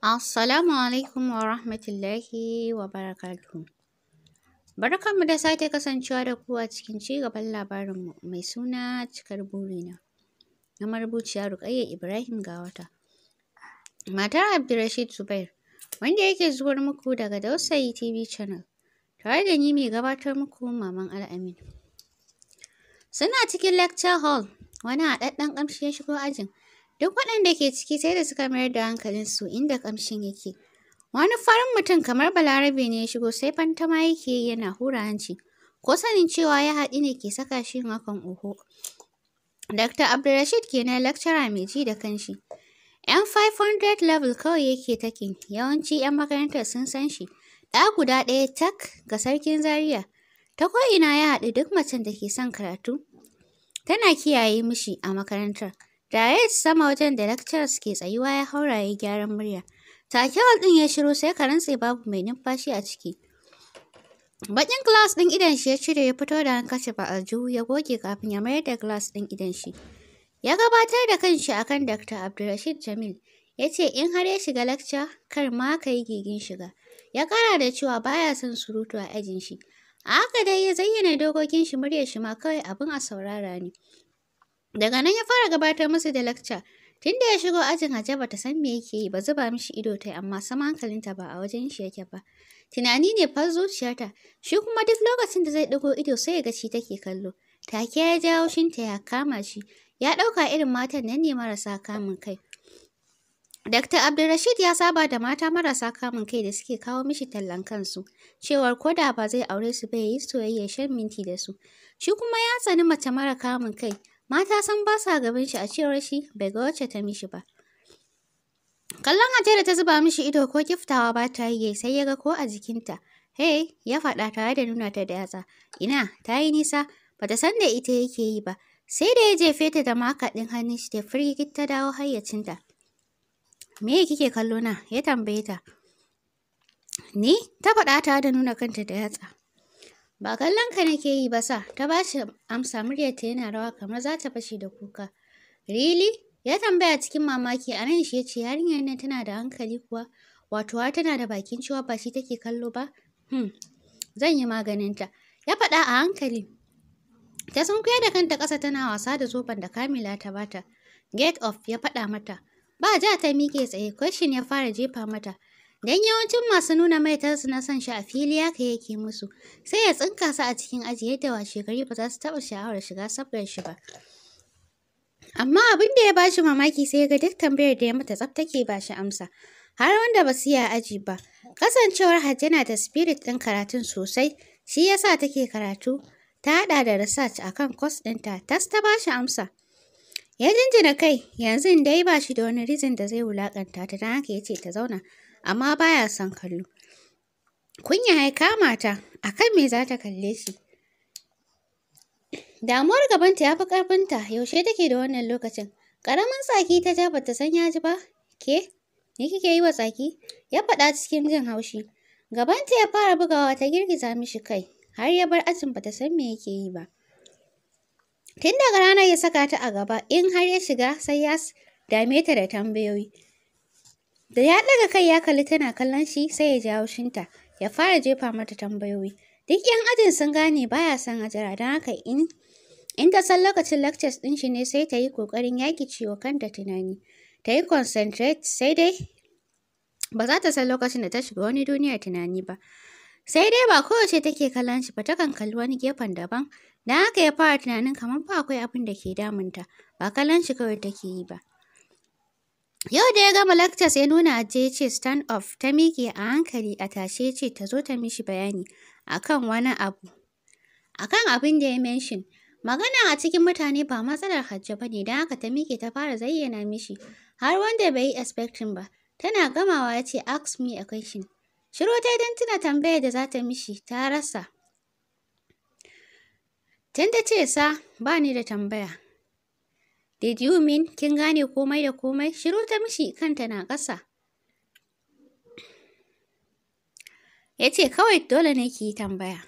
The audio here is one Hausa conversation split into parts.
Assalamu alaikum wa rahmatullahi wa barakatuhu. Barkanmu da sake kasancewa da ku a cikin ci gaban labarinmu mai suna cikar burina. Na marubuciya Rukayya Ibrahim Gawata. Matar Abdulrashid Zubair, wanda yake zuwar muku daga Dausayi TV channel, tare da ni mai gabatar muku Maman Al'amin. Suna cikin lecture hall, wani haɗaɗɗen ƙamshi ya shigo ajin. Duk waɗanda ke ciki sai da suka mayar da hankalin su inda ƙamshin yake. Wani farin mutum kamar Balarabe ne ya shigo sai fantama yake yana hura hanci. Ko sanin cewa ya haɗi ne ke saka shi makon oho. Dr. Abdulrashid kenan lecturer mai ji da kanshi. 'Yan 500 level kawai yake takin, yawanci 'yan makarantar sun san shi. Ɗa guda ɗaya tak ga sarkin Zaria. Ta ko'ina ya haɗu duk macen da ke son karatu. Tana kiyaye mishi a makarantar. ci sama wajen da lecturers ke tsayuwa ya haura ya gyaran murya. Take hall ɗin ya shiru sai ka rantse babu mai numfashi a ciki. Bakin glass ɗin idan shi ya cire ya fito da hankacin ba aljihu ya goge kafin ya mayar da glass ɗin idan shi. Ya gabatar da kanshi akan Dr. Abdulrashid Jamil. Ya ce in har ya shiga lecture kar ma ka yi gigin shiga. Ya kara da cewa baya son surutu a ajin shi. A haka dai ya zayyana dokokin shi muryar shi ma kawai abin a saurara ne. Daga nan ya fara gabatar musu da lakca. Tun da ya shigo ajin Hajiya ta san me yake yi ba zuba mishi ido ta, amma sama hankalinta ba a wajen shi yake ba. Tunani ne fa zuciyarta, shi kuma duk lokacin da zai ɗago ido sai ya ga shi take kallo. Take ya ja haushinta ya kama shi, ya ɗauka irin matan nan ne marasa kamun kai. Dr. Abdulrashid ya saba da mata marasa kamun kai da suke kawo mishi tallan kansu, cewar ko da ba zai aure su bai yi soyayya shan minti da su. Shi kuma ya tsani mace mara kamun kai, Mata san ba sa gaban shi a cewar shi bai ga wacce ta mishi ba. Kallon Hajara ta zuba mishi ido ko kiftawa ba ta yi sai ya ga ko a jikinta. Hey, ya faɗa tare da nuna ta da yatsa. Ina, ta yi nisa, ba ta san da ita yake yi ba. Sai da ya jefe ta da makaɗin hannun shi da firgit ta dawo hayyacinta. Me kike kallo na? Ya tambaye ta. Ni? Ta faɗa tare da nuna kanta da yatsa. Ba kallon ka nake yi ba sa, ta ba shi amsa muryarta yana rawa kamar za ta fashe da kuka. Rili? Ya tambaya cikin mamaki a nan shi ya ce yarinyar nan tana da hankali kuwa, wato har tana da bakin cewa ba shi take kallo ba? Hmm, zan yi maganinta. Ya faɗa a hankali. Ta sunkuya da kanta ƙasa tana wasa da zoben da Kamila ta bata. Get off ya faɗa mata. Ba ja ta miƙe tsaye, question ya fara jefa mata. Don yawancin masu nuna maitarsu na son shi a fili haka yake musu, sai ya tsinka su a cikin aji yadda washegari ba za su taɓa sha'awar shiga sabgar shi ba. Amma abin da ya ba shi mamaki sai ya ga duk tambayar da ya mata tsaf take ba shi amsa, har wanda ba su yi aji ba. Kasancewar Hajji na da spirit ɗin karatun sosai, shi ya sa take karatu, ta haɗa da research kan kwas ɗinta, tas ta ba shi amsa. Ya jinjina kai, yanzu dai ba shi da wani rizin da zai wulaƙanta ta don haka ya ce ta zauna. amma baya son kallo. Kunya ya kama ta, akan me za ta kalle shi? Damuwar gabanta ya fi ƙarfinta, yaushe take da wannan lokacin? Ƙaramin tsaki ta ja bata san ya ji ba, ke? Ni kike yi wa tsaki? Ya faɗa cikin jin haushi. Gabanta ya fara bugawa ta girgiza mishi kai, har ya bar ajin bata san me yake yi ba. Tun daga ranar ya saka ta a gaba, in har ya shiga sai ya dame ta da tambayoyi. Da ya ɗaga kai ya kalli tana kallon shi sai ya ji haushinta, ya fara jefa mata tambayoyi. Duk 'yan ajin sun gane baya son jira, don haka in in ta san lokacin lectures ɗin shi ne sai ta yi ƙoƙarin yaƙi ciwo kanta tunani. Ta yi concentrate sai dai ba za ta san lokacin da ta shiga wani duniya tunani ba. Sai dai ba kowace take kallon shi ba takan kalli wani gefen daban. Don haka ya fara tunanin kamar ba akwai abin da ke damunta, ba kallon shi kawai take yi ba. Yau da ya gama lectures ya nuna aje ya ce stand off ta miƙe a hankali a tashe ya ce ta zo ta mishi bayani akan wani abu. Akan abin da ya mention. Magana a cikin mutane ba matsalar hajja ba ne don haka ta miƙe ta fara zayyana mishi har wanda bai yi expecting ba. Tana gamawa ya ce ask me a question. Shiro ta don tuna tambaya da za ta mishi ta rasa. Tun ta ce sa ba ni da tambaya. Did you mean kin gane komai da komai? Shiru ta mishi kanta na ƙasa. Ya ce kawai dole ne ki yi tambaya.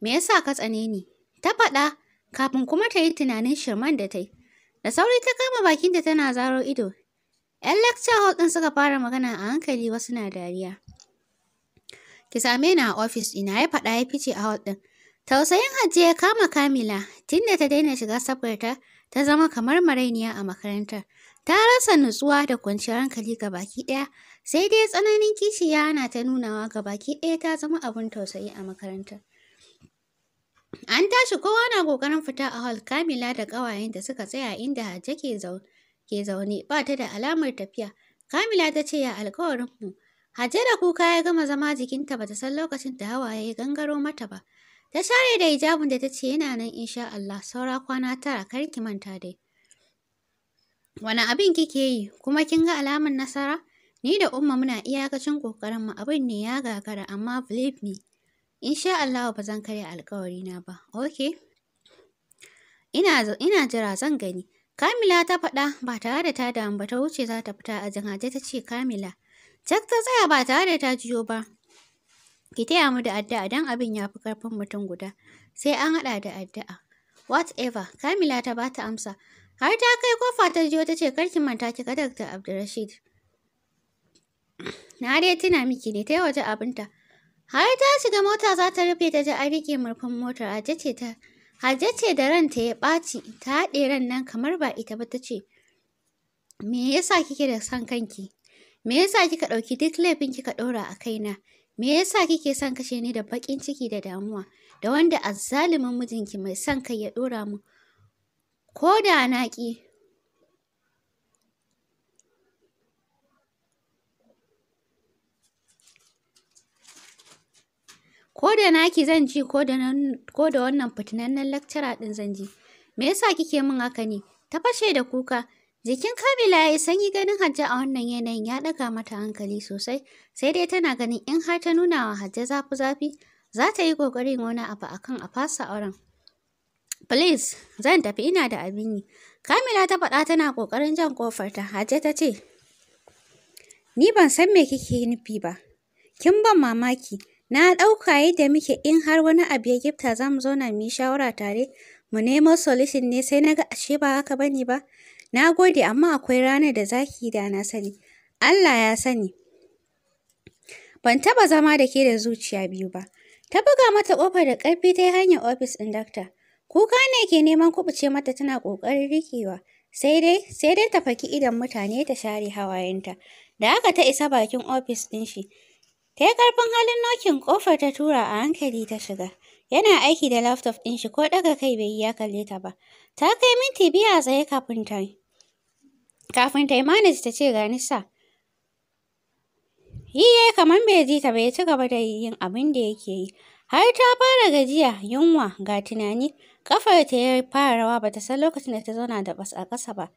Me ya sa ka tsane ni? Ta faɗa kafin kuma ta yi tunanin shirman da ta yi. Da sauri ta kama bakin bakinta tana zaro ido. ‘Yan lecture hall ɗin suka fara magana a hankali wasu na dariya. Ki same ni a ofis Ina ya faɗa ya fice a hall ɗin. Tausayin Hajiya ya kama Kamila tunda ta daina shiga sabgarta ta zama kamar marainiya a makarantar. Ta rasa nutsuwa da kwanciyar hankali ga baki ɗaya, sai dai tsananin kishiya na ta nunawa ga baki ɗaya ta zama abin tausayi a makarantar. An tashi kowa na ƙoƙarin fita a hall Kamila da ƙawayen da suka tsaya inda Hajja ke zaune ba ta da alamar tafiya. Kamila ta ce ya alkawarinmu. Hajja da kuka ya gama zama jikinta ba ta san lokacin da hawaye ya gangaro mata ba. Ta share da hijabin da ta ce yana nan insha Allah saura kwana tara kar ki manta dai. Wani abin kike yi kuma kin ga alamar nasara? Ni da Umma muna iyakacin kokarin mu abin ne ya gagara amma believe me insha Allah ba zan karya alkawari na ba. Okay. Ina ina jira zan gani. Kamila ta faɗa ba tare da ta damu ba ta wuce za ta fita a jin ta ce Kamila. Jack ta tsaya ba tare da ta jiyo ba. Ki taya mu da addu'a dan abin ya fi ƙarfin mutum guda. Sai an haɗa da addu'a. Whatever, Kamila ta ba ta amsa. Har ta kai kofa ta jiyo ta ce karki manta ki ga Dr. Abdulrashid. Na dai tuna miki ne ta yi waje abinta. Har ta shiga mota za ta rufe ta ji an rike murfin motar Hajja ce ta ce da ranta ya ɓaci ta haɗe ran nan kamar ba ita ba ta ce me yasa kike da son kanki? Me yasa kika ɗauki duk laifin kika ɗora a kaina? Me yasa kike son kashe ni da bakin ciki da damuwa, da wanda azzalumin mijinki mai son kai ya dora mu? Ko da na ƙi, ko da naki zan ji ko da wannan fitinannen lakcara ɗin zan ji. Me yasa kike min haka ne? Ta fashe da kuka, Jikin Kamila ya yi sanyi ganin Hajja a wannan yanayin ya ɗaga mata hankali sosai, sai dai tana ganin in har ta nuna wa Hajja zafi-zafi, za ta yi ƙoƙarin wani abu akan a fasa auren. Please, zan tafi ina da abin yi. Kamila ta faɗa tana ƙoƙarin jan ƙofarta, Hajja ta ce, Ni ban san me kike nufi ba, kin ban mamaki, na ɗauka yadda muke in har wani abu ya gifta za mu zauna mu yi shawara tare, mu nemo solution ne sai na ga ashe ba haka bane ba. Na gode amma akwai ranar da zaki yi da na sani. Allah ya sani. Ban taɓa zama da ke da zuciya biyu ba. Ta buga mata ƙofar da ƙarfi ta yi hanyar ofis ɗin dakta. Kuka ne ke neman kuɓuce mata tana ƙoƙarin riƙewa. Sai dai, sai dai ta faki idan mutane ta share hawayenta. Da aka ta isa bakin ofis ɗin shi. Ta yi ƙarfin halin nokin ƙofar ta tura a hankali ta shiga. Yana aiki da laptop ɗin shi ko ɗaga kai bai yi ya kalle ta ba. Ta kai minti biyu a tsaye kafin ta yi. Kafin ta yi manis ta ce ga nisa. Yi ya yi kamar bai ji ta bai ci gaba da yin abin da yake yi. Har ta fara gajiya, yunwa, ga tunani, kafar ta ya fara rawa ba ta san lokacin da ta zauna da bas a ƙasa ba.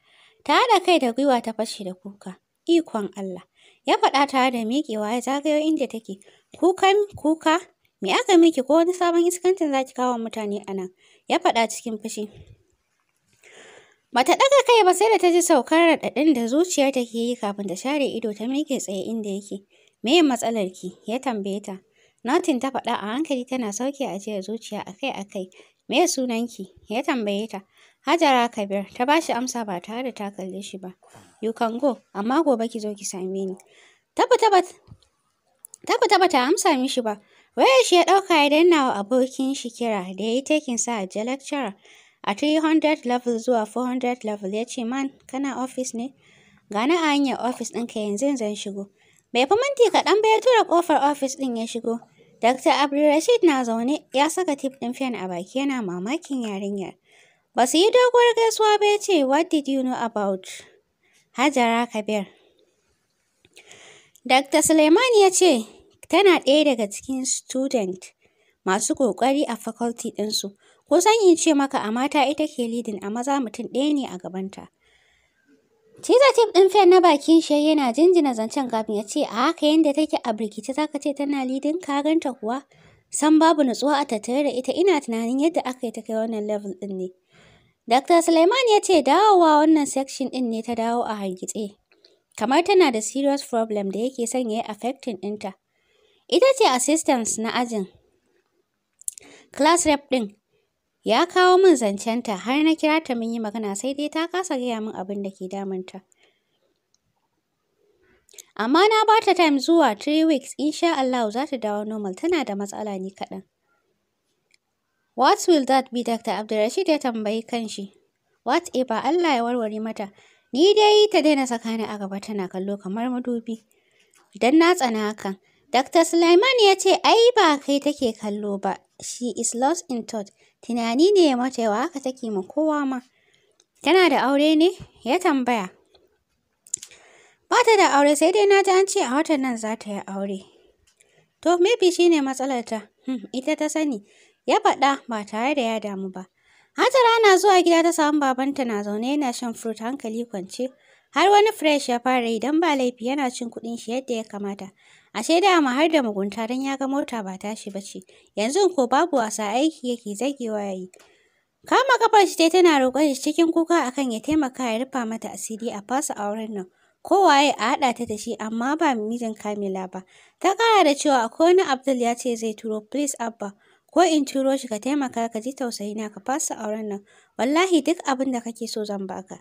Ta haɗa kai da gwiwa ta fashe da kuka. Ikon Allah. Ya faɗa ta da miƙewa ya zagayo inda take. Kukan kuka, me aka miki ko wani sabon iskancin za ki kawo mutane a nan? Ya faɗa cikin fushi. Bata ɗaga kai ba sai da ta ji saukar raɗaɗin da zuciya ke yi kafin ta share ido ta miƙe tsaye inda yake. Me matsalar ki? ya tambaye ta. Notin ta faɗa a hankali tana sauke ajiyar zuciya akai-akai. Me ki? ya tambaye ta. Hajara Kabir ta bashi amsa ba tare da ta kalle shi ba. You can go, amma gobe ki zo ki same ni. Tabbata ba ta amsa mishi ba. Wayar shi ya ɗauka ya danna wa abokin shi kira da ya yi takin sa a lecturer a 300 level zuwa 400 level ya ce man kana ofis ne gani a hanyar ofis ɗinka yanzu zan shigo bai fi minti kaɗan ba ya tura ƙofar ofis ɗin ya shigo Dr. Abdulrashid na zaune ya saka tip ɗin fen a baki yana mamakin yarinyar. Ba su yi doguwar gaisuwa ba ya ce, What did you know about Hajara Kabir? Dr. Suleiman ya ce, Tana ɗaya daga cikin student masu ƙoƙari a faculty ɗinsu. Kusan in ce maka a mata ita ke leading a maza mutum ɗaya ne a gabanta. Tiza tip ɗin fen na bakin shi yana jinjina zancen kafin ya ce a haka yadda take a birkice za ka ce tana leading ka ganta kuwa. San babu nutsuwa a tattare da ita ina tunanin yadda aka yi ta kai wannan level ɗin ne. Dr. Suleiman ya ce dawowa wannan section ɗin ne ta dawo a hargitse. Kamar tana da serious problem da yake son ya yi affecting ɗinta. Ita ce assistance na ajin, Class rep ɗin ya kawo min zancen ta har na kira ta mun yi magana sai dai ta kasa gaya min abin da ke ta. Amma na ba ta time zuwa 3 weeks insha Allah za ta dawo normal tana da matsala ni kaɗan. What will that be Dr. abdurrashid ya tambayi kanshi. What ba Allah ya warware mata. Ni dai ta daina sakani a gaba tana kallo kamar madubi. Idan na tsana hakan. Dr. Sulaiman ya ce ai ba kai take kallo ba, she is lost in thought. Tunani ne ya mata yawa haka take ma kowa ma. Tana da aure ne? Ya tambaya. Ba ta da aure sai dai na ji an ce a watan nan za ta yi aure. To, maybe shi ne matsalarta. Hmm, ita ta sani. Ya faɗa ba tare da ya damu ba. Hajara na zuwa gida ta samu babanta na zaune yana shan fruit hankali kwance. Har wani fresh ya fara idan ba laifi yana cin kuɗin shi yadda ya kamata. Ashe ma har da mugunta don ya ga mota ba tashi ba ce. Yanzu ko babu wasa aiki yake zagewa ya yi. Kama kafar shi tana roƙon shi cikin kuka akan ya taimaka ya rufa mata asiri a fasa auren nan. kowaye a haɗa ta da shi amma ba mijin Kamila ba. Ta ƙara da cewa akwai wani Abdul ya ce zai turo please Abba ko in turo shi ka taimaka ka ji na ka fasa auren nan wallahi duk abin da kake so zan baka.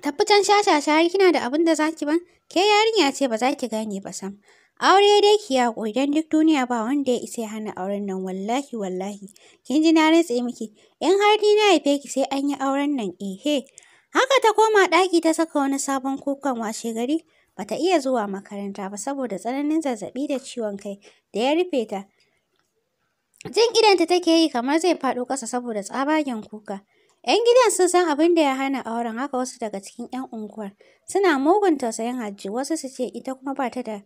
Tabbacan shashasha kina da abin da za ki ban? Ke yarinya ce ba za ki gane ba sam. Aure dai ki ya yaƙo idan duk duniya ba wanda ya isa ya hana auren nan wallahi wallahi. Kin ji na rantse miki, in har ni na haife ki sai an yi auren nan ehe. Haka ta koma ɗaki ta saka wani sabon kukan washe gari. Bata iya zuwa makaranta ba saboda tsananin zazzaɓi da ciwon kai da ya rufe ta. Jin idanta take yi kamar zai faɗo ƙasa saboda tsabagen kuka. 'Yan gidan sun san abin da ya hana auren haka wasu daga cikin 'yan unguwar suna mugun tausayin hajji wasu su ce ita kuma ba ta da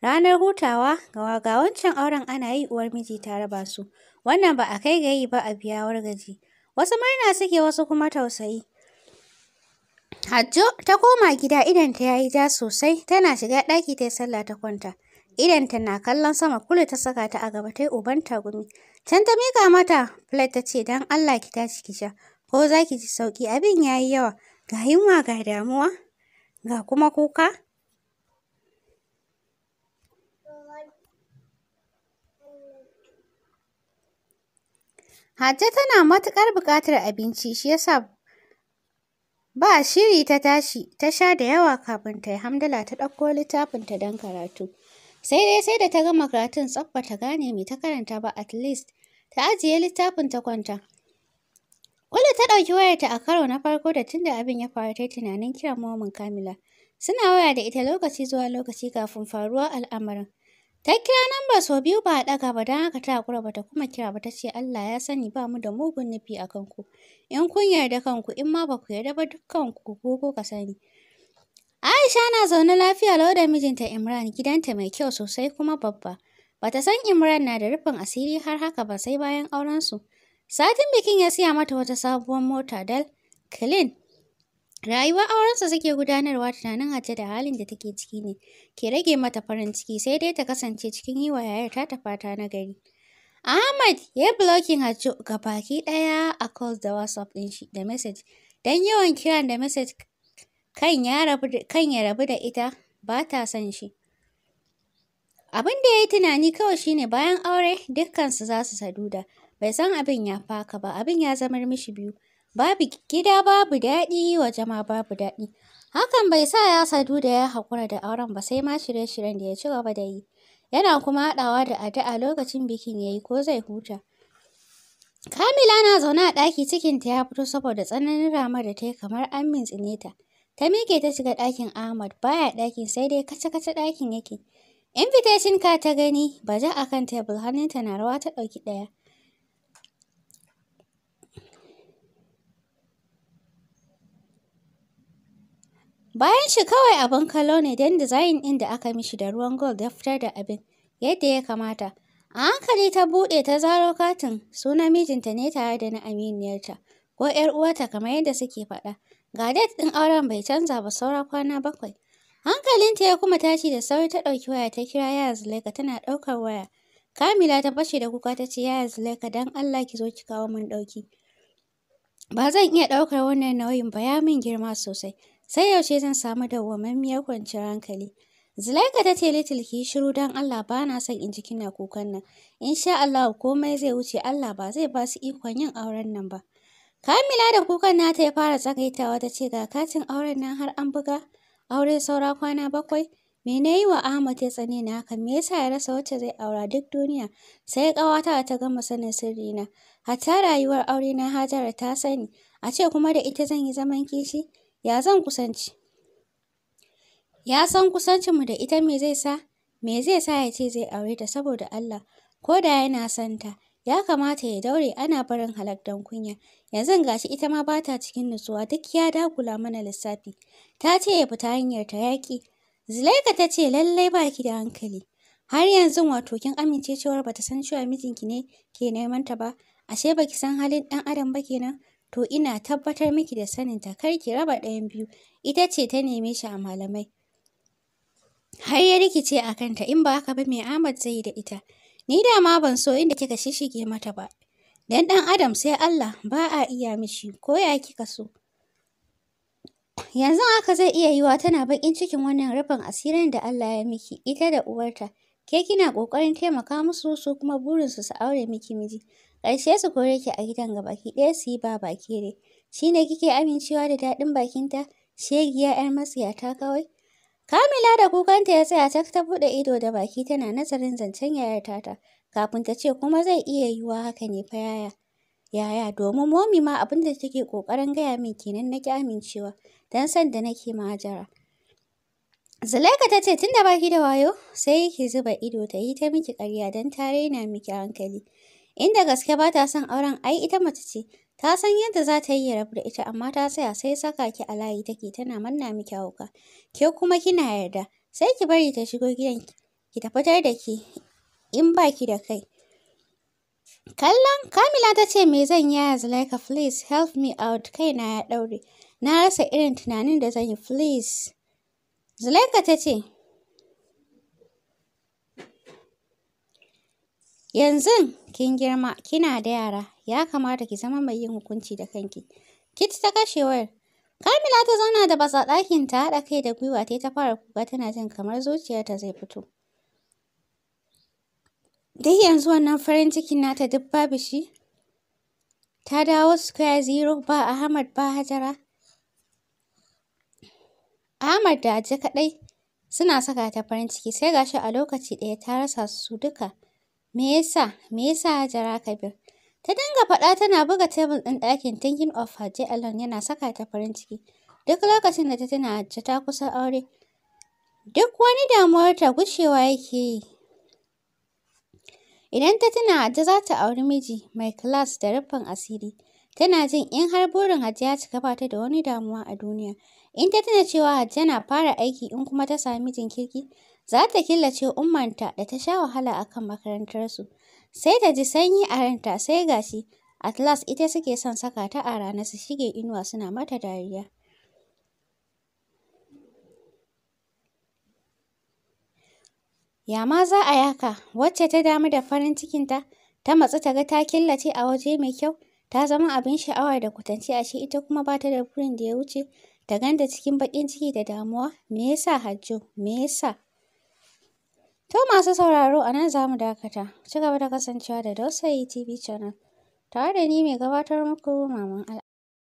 ranar hutawa ga wancan auren ana yi uwar miji ta raba su wannan ba a kai ga yi ba a biya gaji. wasu murna suke wasu kuma tausayi hajjo ta koma gida idan ta yayi ja sosai tana shiga ɗaki ta yi sallah ta kwanta idan ta na kallon sama Kulu ta saka ta a gaba ta yi uban tagumi can ta mika mata plate ta ce don allah ki tashi ki sha ko za ki ji sauƙi abin ya yi yawa ga yunwa ga damuwa ga kuma kuka Hajja tana matuƙar buƙatar abinci shi yasa ba shiri ta tashi ta sha da yawa kafin ta yi hamdala ta ɗauko littafin ta don karatu. Sai dai sai da ta gama karatun tsaf ta gane mai ta karanta ba at least ta ajiye littafin ta kwanta. Ola ta ɗauki wayarta a karo na farko da tunda abin ya faru ta yi tunanin kiran momin Kamila. Suna waya da ita lokaci zuwa lokaci kafin faruwar al'amarin. Ta kira namba sau biyu ba a ɗaga ba don haka ta kura ba ta kuma kira ba ta ce Allah ya sani ba mu da mugun nufi a kanku. In kun yarda kanku in ma ba ku yarda ba dukkanku ko ko ka sani. Aisha na zaune lafiya lau da mijinta Imran gidanta mai kyau sosai kuma babba. Bata san Imran na da rufin asiri har haka ba sai bayan aurensu. Satin bikin ya siya mata wata sabuwar mota dal, clean. Rayuwar aurensa suke gudanarwa tunanin Hajja da halin da take ciki ne, ke rage mata farin ciki sai dai ta kasance cikin yi wa yayar ta ta fata na gari. Ahmad ya blocking Hajji ga baki ɗaya a calls da WhatsApp ɗin shi da message, dan yawan kiran da message kan ya rabu da ita ba ta son shi. Abin da ya tunani kawai shine bayan aure su za su saduda. bai san abin ya faka ba abin ya zama mishi biyu babu gida babu daɗi wa jama babu daɗi hakan bai sa ya sadu da ya haƙura da auren ba sai ma shirye-shiryen da ya ci gaba da yi yana kuma haɗawa da addu'a lokacin bikin ya yi ko zai huta kamila na zaune a ɗaki cikinta ya fito saboda tsananin ramar da ta yi kamar an mintsine ta ta miƙe ta shiga ɗakin ahmad baya ɗakin sai dai kace-kace ɗakin yake invitation ka ta gani baje a kan tebul hannunta na rawa ta ɗauki ɗaya Bayan shi kawai abin kallo ne don dizayin ɗin da aka mishi da ruwan gold ya fitar da abin yadda ya kamata. A hankali ta buɗe ta zaro katin suna mijinta ne tare da na aminiyarta ko ‘yar uwarta kamar yadda suke faɗa. Ga date ɗin auren bai canza ba saura kwana bakwai. Hankalinta ya kuma tashi da sauri ta ɗauki waya ta kira yaya Zulaika tana ɗaukar waya. Kamila ta fashe da kuka ta ce yaya Zulaika don Allah ki zo ki kawo min ɗauki. Ba zan iya ɗaukar wannan nauyin ba ya min girma sosai. Sai yaushe zan samu dawwammamiyar kwanciyar hankali? Zulaika ta ce Little ki shiru don Allah ba na son in ji kina kukan nan. in sha Allah komai zai wuce Allah ba zai ba su ikon yin auren nan ba. Kamila da kukan nata ya fara tsagaitawa ta ce ga katin auren nan har an buga. Aure saura kwana bakwai. Me yi wa Ahmad ya tsane na haka? Me yasa ya rasa wacce zai aura duk duniya? Sai ƙawata ta gama sanin sirri na. Hatta rayuwar aure na Hajara ta sani. A ce kuma da ita zan yi zaman kishi? ya zan kusanci ya san kusancinmu da ita me zai sa me zai sa ya ce zai aure ta saboda Allah ko da yana son ta ya kamata ya daure ana barin halaktan kunya yanzu gashi ita ma ba ta cikin nutsuwa duk ya dagula mana lissafi ta ce ya fita hanyar ta yaƙi zulaika ta ce lallai ba ki da hankali har yanzu wato kin amince cewar bata san cewa mijinki ne ke neman ta ba ashe baki san halin ɗan adam ba kenan to ina tabbatar miki da saninta kar ki raba ɗayan biyu ita ce ta neme shi a malamai har ya rikice a kanta in ba haka ba mai Ahmad zai da ita ni da ma ban so inda kika shishige mata ba dan dan adam sai Allah ba a iya mishi ko ya kika so yanzu haka zai iya yiwa tana bakin cikin wannan rufin asirin da Allah ya miki ita da uwarta ke kina kokarin taimaka musu su kuma burin su su aure miki miji Ƙarshe su kore ki a gidan ga baki ɗaya su yi ba baki ne. Shi ne kike amincewa da daɗin bakinta, shegiya 'yar masiyata kawai. Kamila da kukanta ya tsaya ta ta buɗe ido da baki tana nazarin zancen yayar tata, kafin ta ce kuma zai iya yiwuwa haka ne fa yaya. Yaya domin momi ma abin da take kokarin gaya min kenan na ki amincewa, don san da nake ma Hajara. Zulaika ta ce tun da baki da wayo sai ki zuba ido ta yi ta miki ƙarya don ta raina miki hankali. Inda gaske ba ta son auren ai ita mace ce, ta san yadda za ta yi ya rabu da ita amma ta tsaya sai saka ki a layi take tana manna miki hauka. Ke kuma kina yarda, sai ki bari ta shigo gidan ki ta da ki in ba ki da kai. Kallon Kamila ta ce me zan yi yanzu Zulaika please help me out kaina ya ɗaure. Na rasa irin tunanin da zan yi please. Zulaika ta ce yanzu Kin girma, kina da yara, ya kamata ki zama mai yin hukunci da kanki. Kit ta kashe wayar. Kamila ta zauna da batsa ɗakin ta haɗa kai da gwiwa ta ta fara kuka tana jin kamar zuciyarta zai fito. Dai yanzu wannan farin cikin nata duk babu shi. Ta dawo square zero ba Ahmad ba Hajara. Ahmad da Aji kaɗai suna saka ta farin ciki sai gashi a lokaci ɗaya ta rasa su duka. Me yasa? Me yasa Hajara Kabir? Ta dinga faɗa tana buga tebul ɗin ɗakin thinking of Hajji Alon yana saka ta farin ciki. Duk lokacin da ta tuna Hajji ta kusa aure. Duk wani damuwar ta gushewa yake yi. Idan ta tuna Hajji za ta auri miji mai class da rufin asiri. Tana jin in har burin Hajji ya cika ba ta da wani damuwa a duniya. In ta tuna cewa Hajji yana fara aiki in kuma ta sami mijin kirki, za ta killace ummanta da ta sha wahala a kan makarantarsu. Sai ta ji sanyi a ranta sai ga shi Atlas ita suke son saka ta a rana su shige inuwa suna mata dariya. Yama za a yaka, wacce ta damu da farin cikinta, ta matsu ta ga ta killace a waje mai kyau, ta zama abin sha'awa da kwatance shi ita kuma ba ta da burin da ya wuce, ta ganda cikin baƙin ciki da damuwa, me yasa Hajjo, me yasa? To masu sauraro a nan za mu dakata. Ci gaba da kasancewa da Dausayi TV Channel tare da ni mai gabatar muku Maman al'adu.